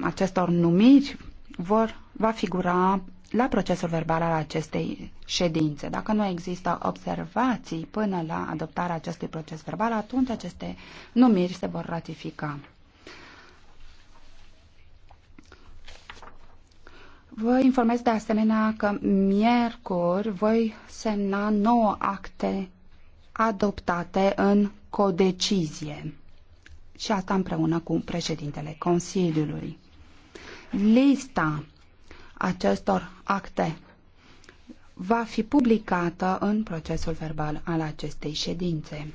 acestor numiri vor, va figura la procesul verbal al acestei ședințe. Dacă nu există observații până la adoptarea acestui proces verbal, atunci aceste numiri se vor ratifica. Vă informez de asemenea că miercuri voi semna nouă acte adoptate în codecizie și asta împreună cu președintele Consiliului. Lista acestor acte va fi publicată în procesul verbal al acestei ședințe.